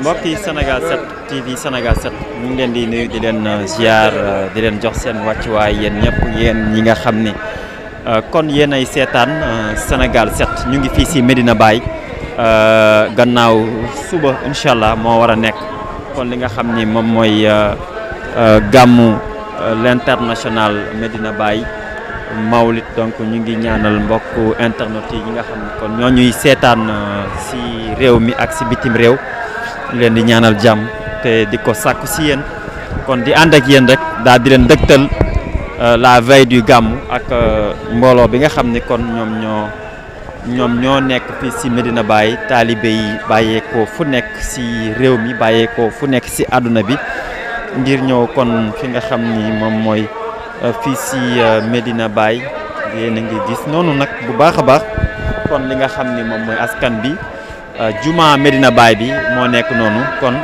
mbokki Sénégal 7 TV Sénégal 7 ñu ngi leen di nuyu di leen euh, ziar euh, di leen jox seen wàccuwaay yéen ñëpp yéen ñi nga xam ni euh, kon yéen ay seetaan Sénégal set ñu ngi fii si Medina Baye gannaaw suba incha allah moo war a nekk kon li nga xam ni moom mooy gàmmu l'international Medina Baye Mawlid donc ñu ngi ñaanal mbokk internet yi ñi nga xam ni kon ñoo ñuy seetaan si réew mi ak si bitim réew. leen di ñaanal jàmm te di ko sàkku si yéen kon di ànd ak yéen rek daal di leen dëgtal euh, la veille du gàmm ak euh, mbooloo bi nga xam ni kon ñoom ñoo ñoom ñoo nekk fii si Medina Baye taalibe yi bàyyeekoo fu nekk si réew mi bàyyeekoo fu nekk si àdduna bi ngir ñëw kon fi nga xam ni moom mooy euh, fii si Medina Baye yéen a gis noonu nag bu baax a baax kon li nga xam ni moom mooy askan bi. Euh, juma Medina baay bi moo nekk noonu kon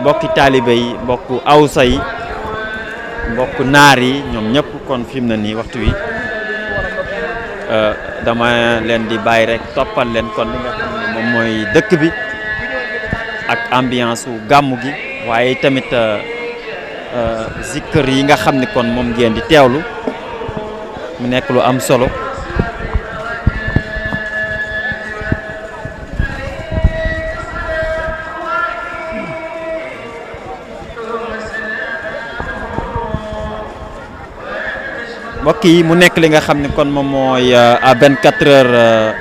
mbokki taalibe yi mbokk awsa yi mbokku naar yi ñoom ñëpp kon fi na ne nii waxtu wi euh, dama leen di bàyyi rek toppal leen kon moom mooy dëkk bi ak ambiance wu gàmmu gi waaye tamit euh, zikkër yi nga xam ni kon moom ngeen di teewlu mu nekk lu am solo mbokk yi mu nekk li nga xam ne kon moom mooy euh, à 24 heures euh,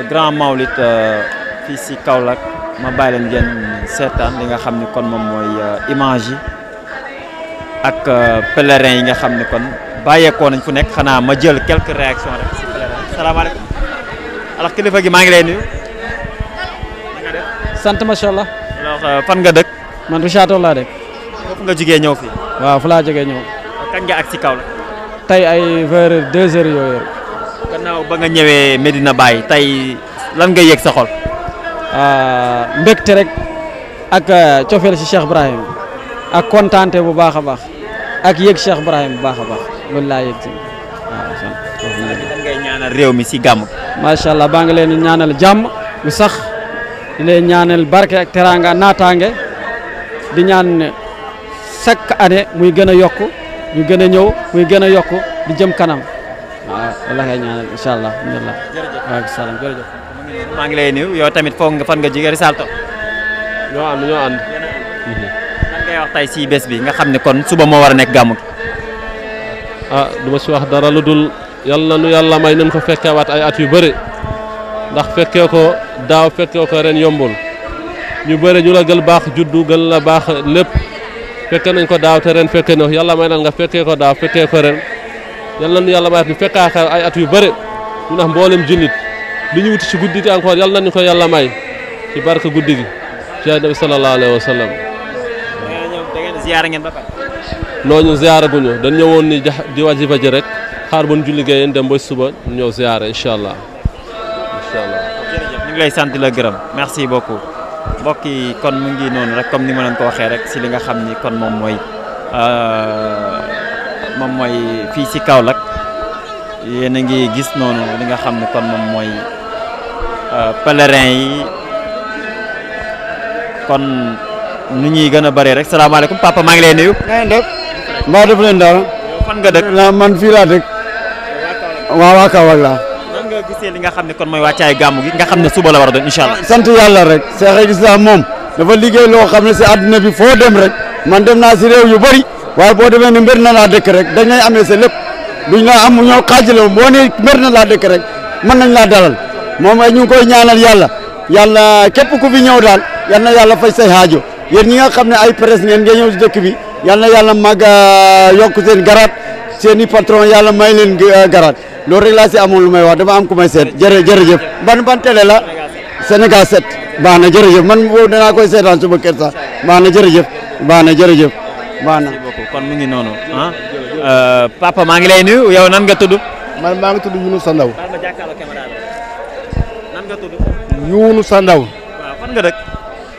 le grand Mawlid euh, fii si kawlak ma bàyyi leen ngeen seetaan li nga xam ne kon moom mooy image yi ak pèlerin yi nga xam ne kon bàyyeekoo nañ fu nekk xanaa ma jël quelques réactions rek si pèlerin salaamaaleykum alors kilifa gi maa ngi lay nuyu. sant macha allah. fan nga dëkk. man Richard laa dëkk. foofu nga jugee ñëw fii. waaw fu laa jógee ñëw. kañ nga ak si kaw la. tey ay vers deux heures yooyu. gannaaw ba nga ñëwee Medina Baye tey lan nga yëg sa xol. Ah, mbégte rek ak ah, cofeel si Cheikh Ibrahim ak kontaante bu baax a baax ak yëg Cheikh Ibrahim bu baax a baax loolu laa yëg ñaanal réew mi si gàmm. macha allah baa ngi leen ñaanal jàmm bu sax leen ñaanal barke ak teraanga naataange di ñaan. chaque année muy gën a yokk mu gën a ñëw muy gën a yokk di jëm kanam waaw wallaahi ñaanal incha allah alhamdulilah. jërëjëf waaw a maa ngi lay nuyu yow tamit foog nga fan nga jigéen Rizal Top. ñoo ànd ñoo ànd. lan bi nga xam ne kon suba moo war a nekk gàmmu. ah du ma si wax dara lu dul yàlla nu yàlla may nañ ko fekkeewaat ay at yu bëri ndax fekkee ko daaw fekkee ko ren yombul ñu bëri ñu la gël baax juddu gël la baax lépp. fekke nañ ko daaw te ren fekke na yàlla may lan nga fekkee ko daaw fekkee ko ren yàlla nañu yàlla may at ñu ay at yu bëri ñu ndax mboolem jullit li ñu wuti ci guddi gi encore yàlla nañu ko yàlla may ci barke guddi gi ci nabi sallallahu alayhi wa sallam. noo ñu ziyaara guñu dañ ñëwoon ni di wajiba ji rek xaar bu ñu julli géeyeen dem ba suba ñëw ziyaara incha allah incha allah. sant la gërëm merci beaucoup. mbokk yi kon mu ngi noonu rek comme ni ma leen ko waxee rek si li nga xam ni kon moom mooy euh, moom mooy fii si Kaolack yéen a ngi gis noonu li nga xam ne kon moom mooy euh, pèlerin yi kon nu ñuy gën a bëree rek salaamaaleykum papa maa ngi lay nuyu. na ngeen def mbaa def leen dara. nga dëkk man fii laa dëkk. waaw waa Kaolack laa. nga gisee li nga xam ne kon mooy wàccaay gàmmu gi nga xam ne suba a doon incha allah. sant yàlla rek Cheikh Islam moom dafa liggéey loo xam ne si àdduna bi dem rek man dem naa si réew yu bëri waaye boo demee ne mbir na laa dëkk rek dañ lay amee sa lépp duñ la am ñoo xaajale boo ne mbir na laa dëkk rek mën nañ laa dalal moom ñu ngi koy ñaanal yàlla yàlla képp ku fi ñëw daal yal na yàlla faj yàlla mag yokk seen garaat seen patron yàlla may leen euh, loolu rek laa si amoon lu may wax dama am ku may seet jërë jërëjëf ban ban tele la Sénégal set baax na jërëjëf man boobu danaa koy seetaan suba kër sax baax jërëjëf baax na jërëjëf baax na ngi noonu ah. euh, papa maa ngi lay nuyu yow nan nga tudd man maa ngi tudd Younouss Sandaw nan nga tudd Younouss Sandaw waaw fan nga dëkk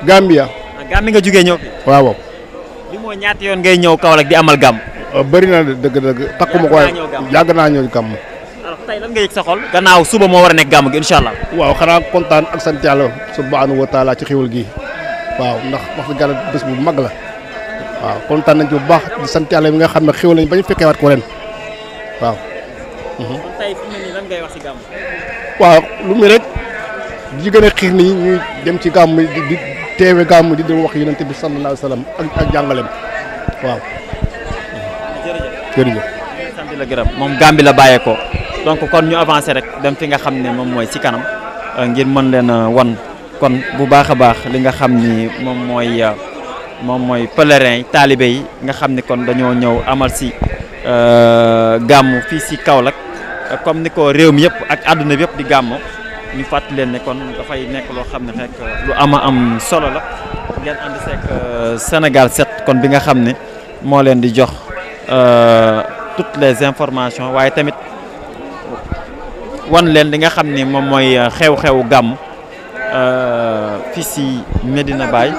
Gambia ah, Gambie nga moo ñaata yoon ngay ñëw Kaolack di amal gàmm uh, bari na dëgg dëgg takkuma ko waaye naa ñëw gàmm tey lan nga yëg sa gannaaw suba moo war a nekk gàmm gi incha allah. waaw xanaa kontaan ak sant yàlla subhaanahu wa ci xéwal gi waaw ndax wax dëgg yàlla bés bu mag la waaw kontaan nañ ci bu baax di sant yàlla nga xam ne xéwal nañ ba ñu fekkee waat ko ren waaw. Mhm. ngay wax lu muy rek di gën xiir nii ñuy dem ci gàmm di di teewe gàmm di dem wax yonent bi sallallahu alayhi wa ak ak jàngaleem waaw. jërëjëf moom gàmm la bàyyeekoo. donc kon ñu avancé rek dem fi nga xam ne moom mooy ci kanam euh, ngir mën leen euh, wan kon bu baax a baax li nga xam ni moom mooy euh, moom mooy pèlerin yi taalibe yi nga xam ni kon dañoo ñëw amal ci gàmmu fii ci Kaolack comme ni ko réew mi yëpp ak àdduna bi yëpp di gàmmu ñu fàttali leen ne kon dafay nekk loo xam ne rek lu ama am solo la ngeen ànd seek Sénégal set kon bi nga xam ne moo leen di jox toutes les informations waaye tamit. wan leen li nga xam ni moom mooy euh, xew-xewu gàmm euh, fii si Medina baay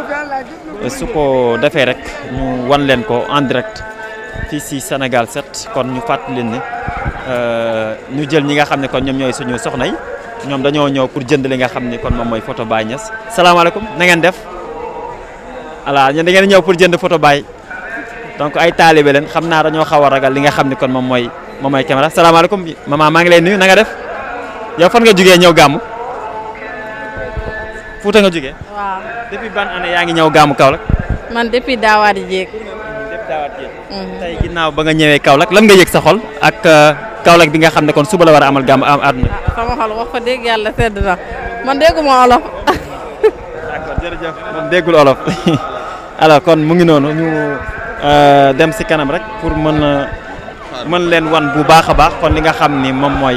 euh, su ko defee rek ñu wan leen ko en direct fii si Sénégal 7 kon ñu fàttali leen ni ñu jël ñi nga xam ne kon ñoom ñooy suñu soxna yi ñoom dañoo ñëw pour jënd li nga xam ni kon moom mooy photo Baye Niass salaamaaleykum na ngeen def voilà ñun da ngeen ñëw pour jënd photo baay donc ay taalibe leen xam naa dañoo xaw ragal li nga xam ni kon moom mooy moom mooy caméra salaamaaleykum maman maa ngi lay nuyu def. yow fan nga jugee ñëw gàmm. Fuuta nga jóge waaw depuis ban année yaa ngi ñëw gàmmu Kaolack. man depuis daawaati jéeg. Mm, depuis jéeg. Mhm. tey ginnaaw ba nga ñëwee Kaolack lan nga yëg sa xol ak euh, Kaolack bi nga xam ne kon suba la war a amal gàmm am àdduna. Ah, sama xol wax fa dégg yàlla sedd na man dégguma olof. d'accord jërëjëf kon mu ngi noonu ñu euh, dem si kanam rek pour mën a mën leen wan bu baax a baax kon li nga xam ni moom mooy.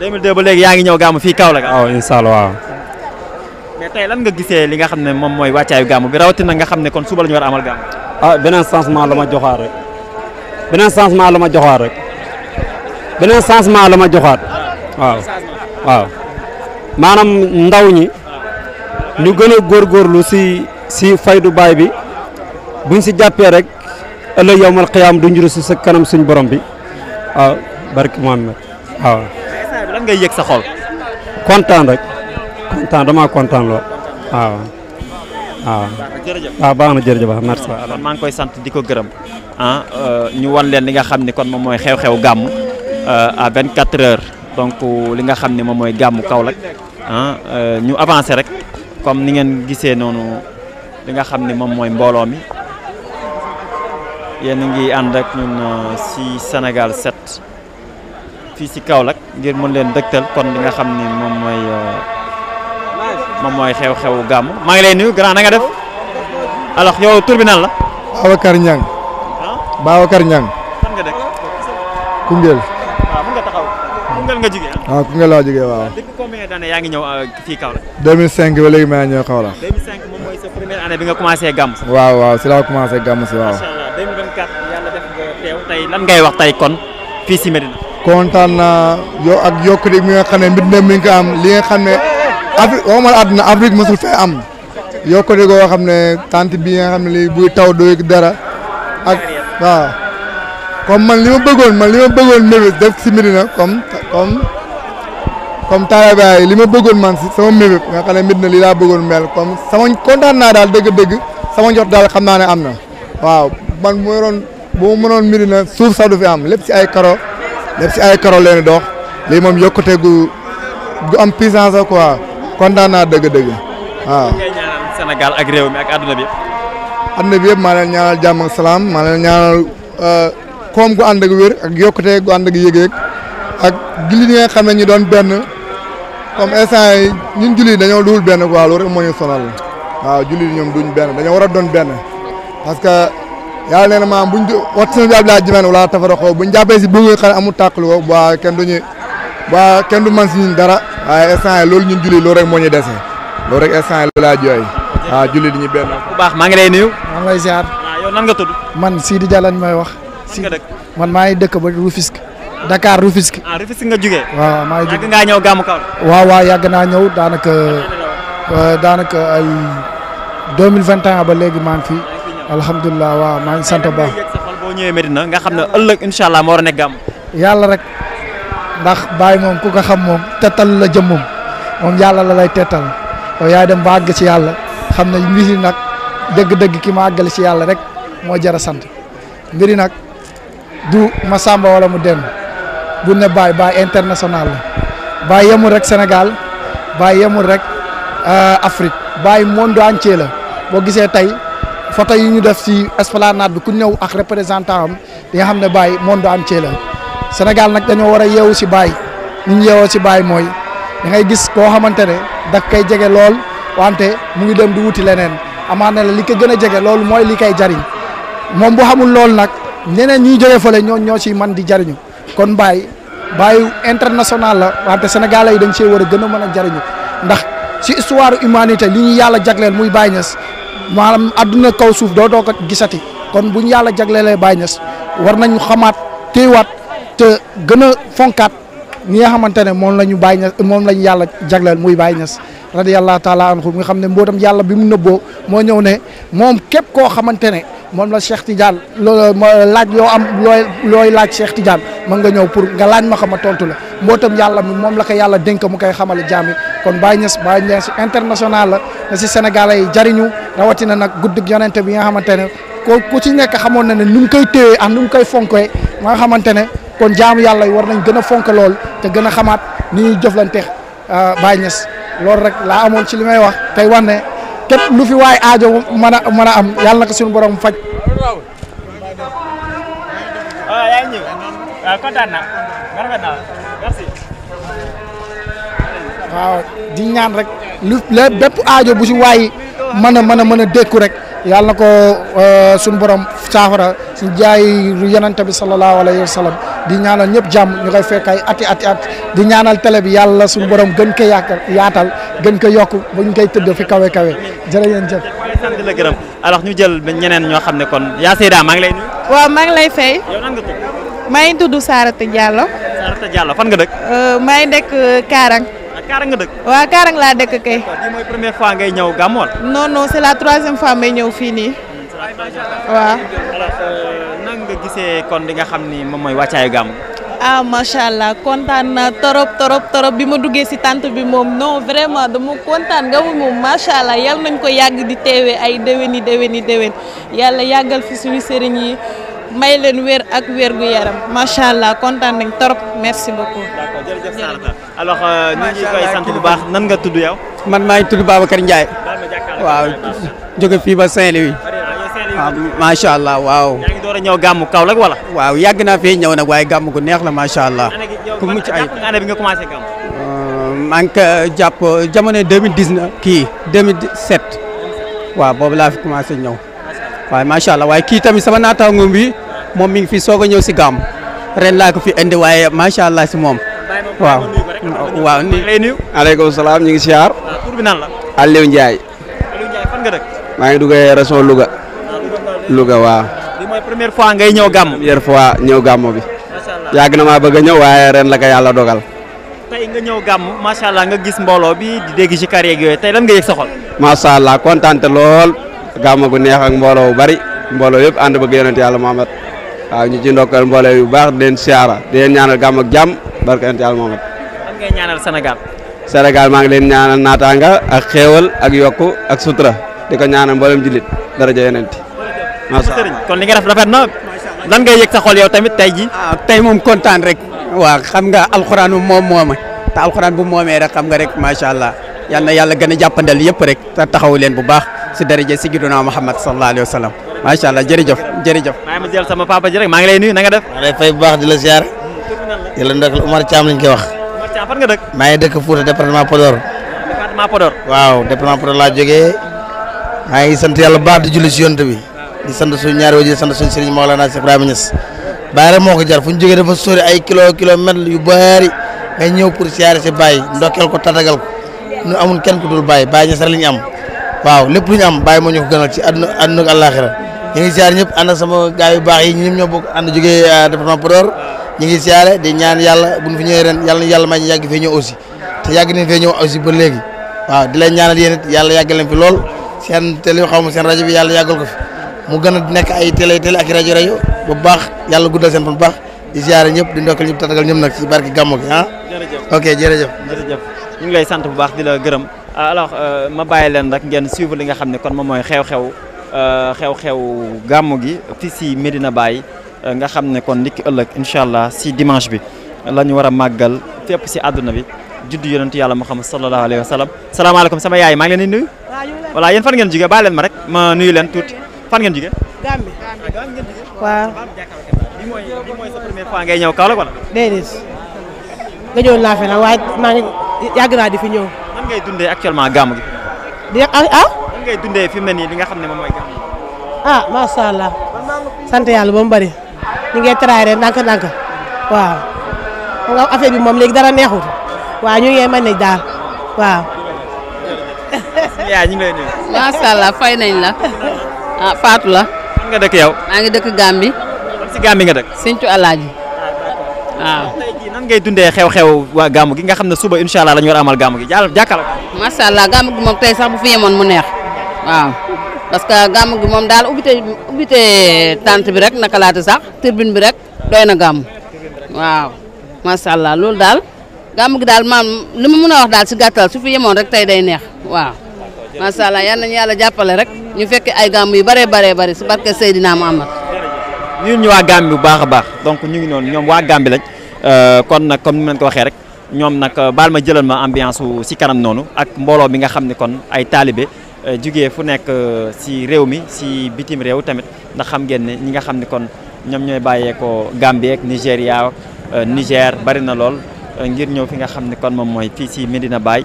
2002 ba léegi yaa ngi ñëw gàmm fii kaw waaw incha allah waaw. lan nga gisee li nga xam ne moom mooy wàccaayu gàmm bi rawatina nga xam ne kon suba la ñu war a amal gàmm. ah beneen changement la ma joxaat rek beneen changement la ma joxaat rek beneen changement la ma joxaat waaw maanaam ndaw ñi ñu gën a góorgóorlu si si fay du baay bi buñ si jàppee rek ëllëg yowmal xiyaam du njuru si sa kanam suñu borom bi waaw barki Muhammad waaw. lan ngay sa xol. kontaan rek kontaan damaa kontaan lool waaw. waaw baax na jërëjëf waaw merci maa ngi koy sant di ko gërëm ah euh, ñu wan leen li nga xam ne kon moom mooy xew-xew gàmm euh, à quatre heures donc li nga xam ne moom mooy gàmm Kaolack ah euh, ñu avancé rek comme ni ngeen gisee noonu li nga xam ne moom mooy mbooloo mi yéen a ngi ànd ak ñun si Sénégal set fii kaw lag ngir mën leen dëgtal kon li nga xam ni moom mooy euh, moom mooy xew-xewu gàmm maa ngi lay nuyu grand na nga def alors yow tur bi la. Babacar Niang. ah Babacar Niang. fan nga dëkk. Koungheul. waaw ah, mën ah? ah, laa jugee waaw. yaa ngi ñëw euh, fii Kaolack. 2005 ba léegi maa ngi ñëw Kaolack. 2005 nga commencé gàmm. waaw laa commencé gàmm si waaw. wax tey kon fii si Medina. kontaan naa yow mi nga xam ne mbir mi am li nga xam ne Afrique waxuma la àdduna Afrique mosul fee am yokkute xam ne tant bi nga xam ne li buy taw doy dara ak waaw comme man li ma bëggoon man li ma bëggoon mébét def si Médina comme comme comme taalibaay li ma bëggoon man si sama mébét nga xam ne Médina li laa bëggoon mel comme sama kontaan naa daal dëgg-dëgg sama njot daal xam naa ne am na waaw man mu yoroon bu suuf sax fi am lépp si ay karo lépp si ay karo leen dox lii moom yokkute gu gu am puissance la quoi kontaan naa dëgg-dëgg waaw. ngay ñaanal Sénégal bi yëpp. àdduna yëpp maa leen ñaanal jàmm ak salaam maa leen ñaanal euh, koom gu ànd ak wér ak yokkute gu ànd ak yëg-yëg ak julli ñi xam ne doon benn comme instant yi ñun julli dañoo duul benn quoi loolu rek moo ñu sonal waaw julli ñoom duñ benn dañoo war a doon benn parce que. yàlla nee na maam buñ wax si na bi jimeen wala jàppee si bu nga xam ne amul tàqalu ko waa kenn waa kenn du man si dara waaye loolu ñun julli loolu rek moo ñu dese loolu rek instant yi loolu laa jooy waaw julli di ñu bu baax maa ngi lay nuyu maa ngi lay ziar ah, nga tudd man Sidi Diallo lañ may wax si man maa ngi dëkk ba Rufisque Dakar Rufisque ah Rufisque nga jugee waaw maa ngi yàgg ngaa ñëw gàmmu kaw waaw waaw yàgg naa ñëw daanaka euh, daanaka ay 2021 ba léegi maa ngi fii alhamdulilah waaw maa ngi sant bu baax. boo ñëwee Medina nga xam ne ëllëg incha allah moo war yàlla rek ndax Baye moom ku ko xam moom tettal la jëmmum moom yàlla la lay tettal yow yaay dem ba àgg ci yàlla xam ne mbir yi nag dëgg-dëgg ki ma àggali ci yàlla rek moo jara a sant mbir nag du ma sàmba wala mu denn bu ne Baye Baye international la yemul rek Sénégal Baye yemul rek euh, Afrique Baye monde entier la boo gisee tey. photo yi ñu def ci esplanade bi ku ñëw ak représentant am di nga xam ne Baye monde entier la Sénégal nag dañoo war a yeewu si Baye ni ñu yeewoo ci Baye mooy da ngay gis koo xamante ne da koy jege lool wante mu ngi dem di wuti leneen amaa ne li ko gën a jege loolu mooy li koy jariñ moom bu xamul loolu nag ñeneen ñuy jógee fole ñoo ñoo ci man di jariñu kon Baye Baye international la wante sénégalais yi dañ cee war a gën a mën a jariñu ndax ci histoire humanité ñu yàlla jagleel muy Baye Niass maanaam àdduna kaw suuf doo dootoo ko gisati kon bu ñu yàlla jaglelee Baye Niass war nañu xamaat téewaat te gën a fonkaat ñi nga xamante ne moom la ñu Baye moom la yàlla jagleel muy Baye Niass radiyallahu taala anhu nga xam ne mbootam yàlla bi mu nëbboo moo ñëw ne moom képp koo xamante ne moom la Cheikh Tidiane loolu laaj yoo am looy looy laaj Cheikh Tidiane mën nga ñëw pour nga laaj ma xam a tontu la mbootam yàlla mi moom la ko yàlla dénk mu koy xamale jaami kon Baye Niass Baye Niass international la na si Sénégalais yi jariñu rawatina nag guddig yonente bi nga xamante ne ko ku ci nekk xamoon na ne nu mu koy téyee ak nu mu koy fonkee ma nga xamante ne kon jaamu yàlla yi war nañ gën a fonk lool te gën a xamaat ni jëflante ah, Baye Niass loolu rek laa amoon ci li may wax tey wane képp lu fi waay aajo mën a mën a am yàlla na ko suñu borom faj. Ah, waaw di ñaan rek lu lépp bépp aajo bu si waay mën a mën a mën a dékku rek yàlla na ko euh, suñu borom saafara si jaay yonent bi sallallahu alayhi wa sallam di ñaanal ñëpp jàmm ñu koy fekk ay ati ati di ñaanal télé bi yàlla suñu borom gën ko yaakaar yaatal gën ko yokk ba ñu fi kawe kawe jërë ngeen jëf. sant la gërëm alors ñu jël ñeneen ñoo xam ne kon yaa Seyda maa ngi lay nuyu. waaw maa ngi lay fay. yow nan maa ngi tudd Sarata Diallo. Sarata fan nga dëkk. Euh, maa ngi Kaarang. Kaarang nga dëkk. waaw Kaarang laa dëkk kay. bii mooy première fois ngay ñëw gàmmu wala. non non c'est la troisième fois may ñëw fii nii. waaw. Euh, nan nga gisee kon li nga xam ni moom mooy wàccaayu gàmmu. ah macha allah kontaan na torop torop torop bi ma duggee si tante bi moom non vraiment dama kontaan nga moom macha allah yal nañ ko yàgg di teewee ay déwéni déwéni déwén yàlla yàggal fi suñu sëriñ yi may leen wér ak weer gu yaram macha allah kontaan nañ torop merci beaucoup. alors euh, ñu ngi bu baax nan nga tudd yow. man maa tuddu baaba Babacar njaay waaw jóge fii ba Saint-Louis. Ah, macha allah waaw. yaa ngi ñëw gàmmu Kaolack wala. waaw yàgg naa fee ñëw nag waaye gàmm gu neex la macha allah. ku mucc ay année bi nga commencé gàmm. Euh, maa ngi ko jàpp jamono 2019 kii 2007. waaw boobu laa fi commencé ñëw. waaye macha allah waaye kii tamit sama naataango bi moom mi ngi fi soog a ñëw si gàmm ren laa ko fi indi waaye macha allah si moom waaw. Oh, waaw ni aleykum salaam ñu ngi siyaar. Ah, tur bi nan la. Aliou Ndiaye. Aliou Ndiaye fan maa ngi duggee région Louga. Ah, Louga waaw. lii fois ngay ñëw gàmm. première ñëw gàmm bi. yàgg na maa bëgg a ñëw waaye ren la ko yàlla dogal. tey nga ñëw gàmm macha allah nga gis mbooloo bi di dégg ci kàr yooyu tey lan nga yëg sa xol. macha allah kontaan lool gàmm gu neex ak mbooloo bu bari mbooloo yëpp ànd bëgg yonent yàlla Muhammad waaw ñu ci ndokkal mbooloo yu baax di leen siyaara di ñaanal gàmm ak jàmm barke yonent yàlla Muhammad ngay ñaanal Sénégal. Sénégal maa ngi leen ñaanal naataanga ak xéewal ak yokku ak sutura di ko ñaanal mboolem jullit daraja yeneen ti. macha allah kon li nga def rafet na lan ngay yëg sa tamit tey ji ah tey moom kontaan rek. waaw xam nga alxuraan bu moom mooma te alxuraan bu moomee rek xam nga rek macha yal na yàlla gën a jàppandal yëpp rek te leen bu baax si daraja Sayyidina Muhammad sallallahu alayhi wa sallam macha maa ngi jël sama papa ji rek maa ngi lay nuyu na nga def. maa ngi lay fay bu baax di la ziar. Hmm, yàlla ndokk Omar Thiam lañ koy wax. instant fan nga dëkk. maa ngi dëkk Fouta département Podor. département Podor. waaw département Podor laa jógee maa ngi sant yàlla baax di julli si yonent bi di sant suñu ñaari wajur di sant suñu sëriñ Mawlana Cheikh Ibrahima Niass Baye rek moo ko jar fu ñu jógee dafa soore ay kilo kilomètres yu bari ngay ñëw pour siyaare si Baye ndokkeel ko tatagal ko nu amul kenn ku dul Baye Baye Niass rek la am waaw lépp lu am baay moo ñu ko gënal ci àdduna àdduna ak àllaaxira ñu ngi siyaar ñëpp ànd ak sama gaa yu baax yi ñoom ñoo bokk ànd jógee ah, département Podor ñi ngi siyaare di ñaan yàlla buñ fi ñëwee ren yàlla yàlla may ñu yàgg fee ñëw aussi yàgg nañ fee ñëw aussi ba léegi waaw di leen ñaanal yéen yàlla yàggal leen lool seen télé xaw ma seen rajo bi yàlla yàggal ko mu gën nekk ay télé télé ak rajo rajo bu baax yàlla guddal seen fan bu baax di siyaare ñëpp di ndokkal ñëpp tatagal ñëpp nag ci barki gàmmu gi ah ok jërëjëf ñu ngi lay sant bu baax di la gërëm ah, alors euh, ma bàyyi leen rek ngeen suivre li nga xam ne kon moom mooy xew-xew euh, xew-xew gàmmu gi fii si Medina bàyyi nga xam ne kon niki ëllëg incha allah si dimanche bi la ñu war a màggal fépp si adduna bi juddu yonent yàlla xam sallallahu alayhi wa sallam salaamaaleykum sama yaay maa ngi leen di nuyu. voilà yéen fan ngeen jógee bàyyi leen ma rek ma nuyu leen tuuti fan ngeen jógee. waa waaw. bii mooy bii mooy sa première nga ñëwoon naa nag waaye maa ngi naa di fi ñëw. nan ngay dundee actuellement gàmm gi. ah ah. nan ngay dundee fi mu ne nii li nga xam ne moom mooy gàmm. ah macha ba ñu ngi tray rek ndànk-ndànk waaw xam nga bi moom léegi dara neexut waaw ñu ngi mën daal waaw. yaa fay nañ la ah, faat la. yow. maa ngi dëkk Gambie. fan si Gambie nga dëkk. Sinthiou Alaaji. waaw ah, tey jii nan ngay dundee xew-xew waa gàmm gi nga xam ne suba incha allah la ñu war a amal gàmm gi jàll jàkkaarloo. macha allah gàmm gi moom tey sax bu fi yemoon mu neex waaw. parce que gàmm gi moom daal ubbite ubbite tante bi rek naka laata sax turbine bi rek doy na gàmm waaw macha allah loolu daal gàmm gi daal maam lu ma mën a wax daal si gàttal su fi yemoon rek tey day neex waaw macha allah yal nañu yàlla jàppale rek ñu fekke ay gàmm yu bëree bëree bëri si barke Seydina Muhammad ñun ñu waa gàmm bi bu baax a baax donc ñu ngi noonu ñoom waa gàmm bi lañ euh, kon nag comme ni ma leen ko waxee rek ñoom nag baal ma jëlal ma ambiance su si kanam noonu ak mbooloo bi nga xam ne kon ay taalibe jugee fu nekk euh, si réew mi si bitim réew tamit ndax xam ngeen ne ñi nga xam ni kon ñoom ñooy bàyyeekoo Gambie ak Nigéria euh, Niger bari na lool euh, ngir ñëw fi nga xam ni kon moom mooy fii si Medina Baye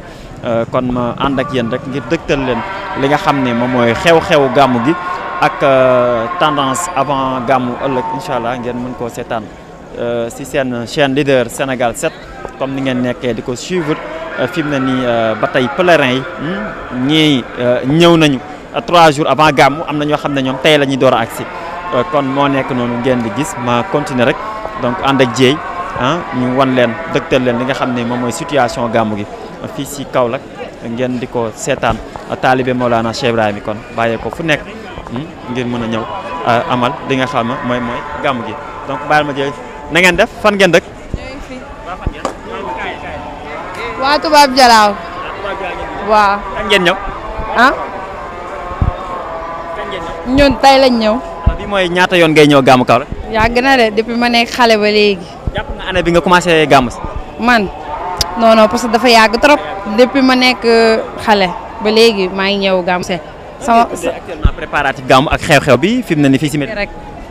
kon ma ànd ak yéen rek ngir dëgtal leen li nga xam ne moom mooy xew xew gàmmu gi ak tendance avant gàmmu ëllëg incha allah ngeen mën koo seetaan si seen chaîne leader Sénégal 7 comme ni ngeen nekkee di ko suivre. Euh, fi mu ne nii euh, ba tey pèlerins yi hmm, ñii euh, ñëw nañu trois jours avant gàmmu am na ñoo xam ne ñoom tey la ñuy door ak si kon moo nekk noonu ngeen di gis ma continuer rek donc ànd ak jéey ah ñu wan leen dëgtal leen li nga xam ne moom mooy situation gàmmu gi fii si Kaolack ngeen di ko seetaan taalibe Mawlana Cheikh Ibrahima kon bàyyee ko fu nekk hmm, ngir mën a ñëw amal li nga xam mooy mooy gàmmu gi donc baal ma jéey na ngeen def fan ngeen dëkk. waa tubaab Jalaaw. waaw. kan ngeen ah? tey lañ ñëw. Ah, bi mooy ñaata yoon ngay ñëw gàmmu Kaolack. yàgg na de depuis ma nekk xale ba léegi. jàpp nga année bi nga commencé gàmm si. man non non parce que dafa yàgg trop. depuis ma nekk euh, xale ba léegi maa ngi ñëw gàmm see. sama actuellement préparatif gàmm ak xew-xew bi fi mu ne nii fii si. rek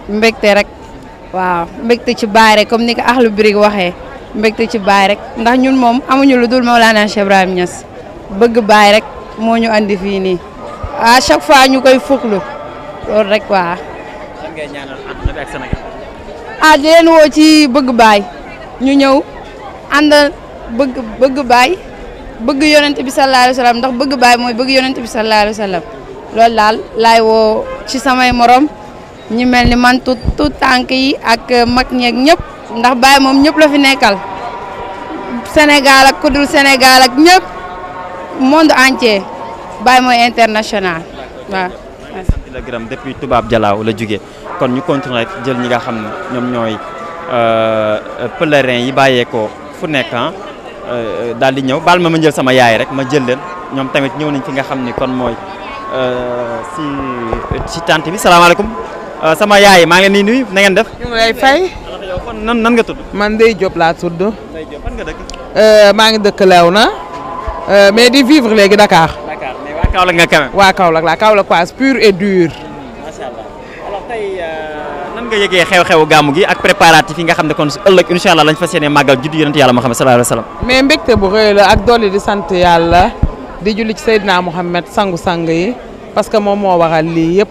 mbégte rek. waaw mbégte ci baare comme ni ko Akhlou Brick waxee. mbégte ci baay rek ndax ñun moom amuñu lu dul Maolana Cheikh Ibrahim Niass bëgg baay rek moo ñu andi fii nii à chaque fois ñu koy fuklu loolu rek waa. lan woo ci bëgg baay ñu ñëw ànd bëgg bëgg baay bëgg yonent bi sallallahu alayhi wa sallam ndax bëgg baay mooy bëgg yonent bi sallallahu alayhi wa sallam loolu daal laay woo ci samay morom ñi mel ni man tu tu tànk yi ak mag ñeeg ñëpp. ndax Baye moom ñëpp la fi nekkal Sénégal ak kudul Sénégal ak ñëpp monde entier Baye mooy international waaw. gërëm depuis Toubab Dialaw la jóge kon ñu continuer rek jël ñi nga xam ne ñoom ñooy euh, pèlerins yi bàyyeekoo fu nekk ah, euh, daal di ñëw baal ma ma jël sama yaay rek ma jël leen ñoom tamit ñëw nañ fi nga xam ni kon mooy euh, si si tante bi salaamaaleykum sama yaay maa ngi leen di nuyu def. kon nan nan nga tudd. man Ndeye Diop laa tudd. Euh, maa ngi dëkk Léona euh, mais di vivre léegi Dakar. Dakar mais waa nga kawe. waa Kaolack laa Kaolack passe pure et dure. macha euh, nan nga yëgee xew-xewu gàmmu gi ak préparatif yi nga xam ne kon ëllëg incha allah lañ fas yéene màggal juddu yonent yàlla Muhammad sallallahu alayhi wa sallam. mais mbégte bu ak dolli di sant yàlla di julli ci Seydina Mouhamed sangu sang yi parce que moom moo waral lii yëpp.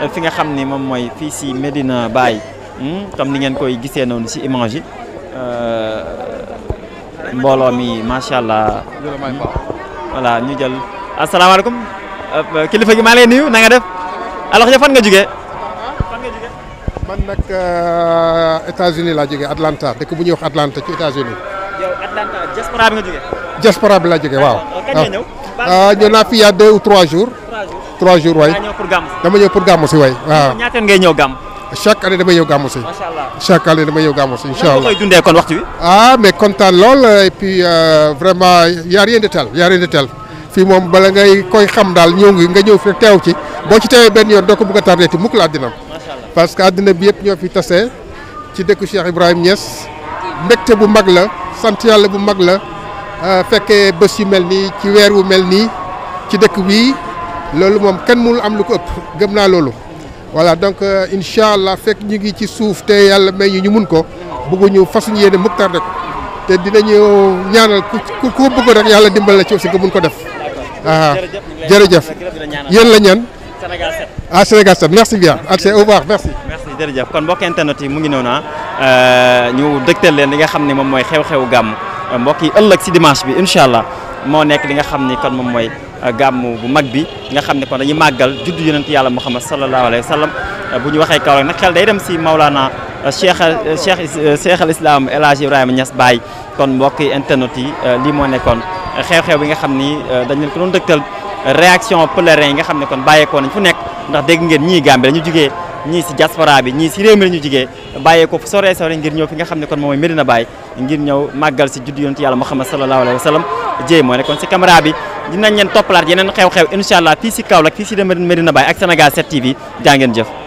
Euh, fi nga xam ni moom mooy fii si Medina baay hmm? comme ni ngeen koy gisee noonu si image yi euh, mbooloo mi macha allah. voilà ñu jël asalaamaaleykum euh, kilifa gi maa lay nuyu nanga nga def alors fan nga jugee. man nag États-Unis laa jógee Atlanta dëkk bu ñuy wax Atlanta ci États-Unis. yow bi nga jógee. diaspora bi laa jógee waaw. waaw ah. ah, ñëw. naa fi deux ou trois jours. trois jours waay. dama ñëw pour gàmmu si waay waaw. ñaata ngay ñëw gàmm. chaque année damay ñëw gàmmu si. macha allah chaque année damay ñëw gàmmu si incha allah. koy dundee kon waxtu wi. ah mais kontaan lool et puis euh, vraiment y a rien de tel y a rien de tel fii moom bala ngay koy xam daal ñëw ngi nga ñëw fi teew ci boo ci teewee benn yoon doo ko bëgg a tardé te mukk la àddina parce que àddina bi yëpp ñoo fi tase ci dëkku Cheikh Ibrahima Niass mbégte bu mag la sant yàlla bu mag la euh, fekkee bés yu mel nii ci weer wu mel nii ci dëkk bii. loolu moom kenn mu am lu ko ëpp gëm naa loolu voilà donc euh, incha allah fekk ñu ngi ci suuf te yàlla may ñu ñu mun ko bëgguñu fasuñu yéene mukk tardé ko te ñu ñaanal ku ku bëgg rek yàlla dimbal la ci nga mun ko def. ah jërëjëf yéen la ñaan. Sénégal 7 ah Sénégal 7 merci bien ak au revoir merci. merci jërëjëf kon mbokk internet yi mu ngi noonu ah. euh, ñu dëgtal leen li nga xam ni moom mooy xew-xewu gàmm mbokk yi ëllëg si dimanche bi incha allah. moo nekk li nga xam ni kon moom mooy euh, gàmmu bu mag bi nga xam ne kon dañuy màggal juddu yonent yàlla Muhammad sallallahu alayhi wa sallam euh, bu ñu waxee Kaolack nag xel day dem si Maulana euh, cheikh cheikh cheikh al islam El Hadj Ibrahima Niass Baye kon mbokki internet yi lii moo nekkoon xew bi nga xam ni dañ leen ko doon dëgtal réaction pèlerin yi nga xam ne kon bàyyeekoo nañ fu nekk ndax dégg ngeen ñii Gambie la ñu jugee si diaspora bi ñii si réew mi la ñu jugee bàyyeekoo nga xam ne kon mooy Medina Baye ngir ñëw màggal si juddu yonent yàlla Muhammad sallallahu alayhi wa sallam Dieye moo nekkoon si caméra bi dinañ leen toppalaat yeneen xew-xew incha allah fii si Kaolack fii si Medina Baye ak Sénégal 7 TV jaa ngeen jëf